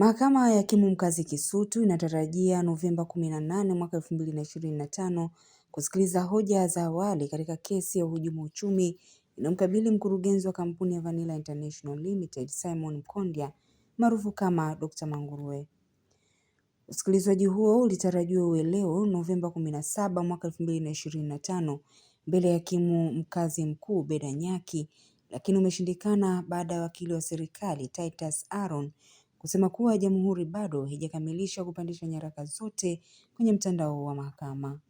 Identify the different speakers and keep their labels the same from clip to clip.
Speaker 1: Mahakama ya Hakimu Mkazi Kisutu inatarajia Novemba kumi mwaka 2025 na ishirini na tano kusikiliza hoja za awali katika kesi ya uhujumu uchumi inayomkabili mkurugenzi wa kampuni ya Vanilla International Limited Simon Mkondya maarufu kama Dr. Manguruwe. Usikilizwaji huo ulitarajiwa uwe leo Novemba kumi na saba mwaka 2025 na ishirini mbele ya Hakimu Mkazi Mkuu Beda Nyaki, lakini umeshindikana baada ya wakili wa serikali Titus Aaron kusema kuwa jamhuri bado haijakamilisha kupandisha nyaraka zote kwenye mtandao wa mahakama.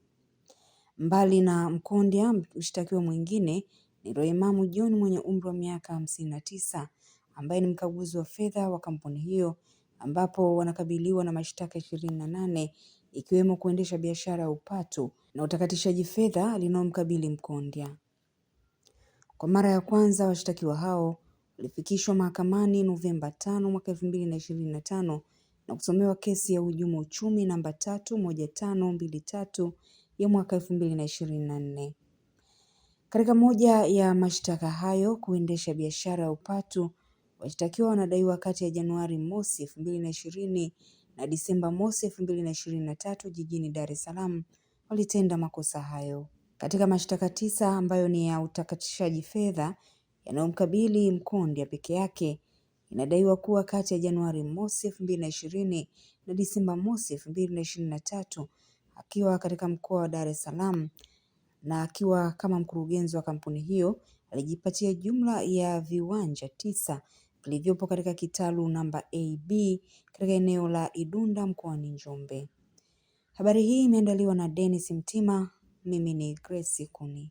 Speaker 1: Mbali na Mkondya, mshtakiwa mwingine ni Royemamu John mwenye umri wa miaka hamsini na tisa ambaye ni mkaguzi wa fedha wa kampuni hiyo, ambapo wanakabiliwa na mashtaka ishirini na nane ikiwemo kuendesha biashara ya upatu na utakatishaji fedha linalomkabili Mkondya. Kwa mara ya kwanza washtakiwa hao alifikishwa mahakamani Novemba 5 mwaka 2025 na kusomewa kesi ya uhujumu uchumi namba 31523 ya mwaka 2024. Katika moja ya mashtaka hayo, kuendesha biashara ya upatu, washtakiwa wanadaiwa kati ya Januari mosi 2020 na Disemba mosi 2023 jijini Dar es Salaam walitenda makosa hayo. Katika mashtaka tisa ambayo ni ya utakatishaji fedha yanayomkabili ya peke yake inadaiwa kuwa kati ya Januari mosi elfu mbili na ishirini na Disemba mosi elfu mbili na ishirini na tatu akiwa katika mkoa wa Dar es Salaam na akiwa kama mkurugenzi wa kampuni hiyo alijipatia jumla ya viwanja tisa vilivyopo katika kitalu namba AB katika eneo la Idunda mkoani Njombe. Habari hii imeandaliwa na Dennis Mtima, mimi ni Grace Kuni.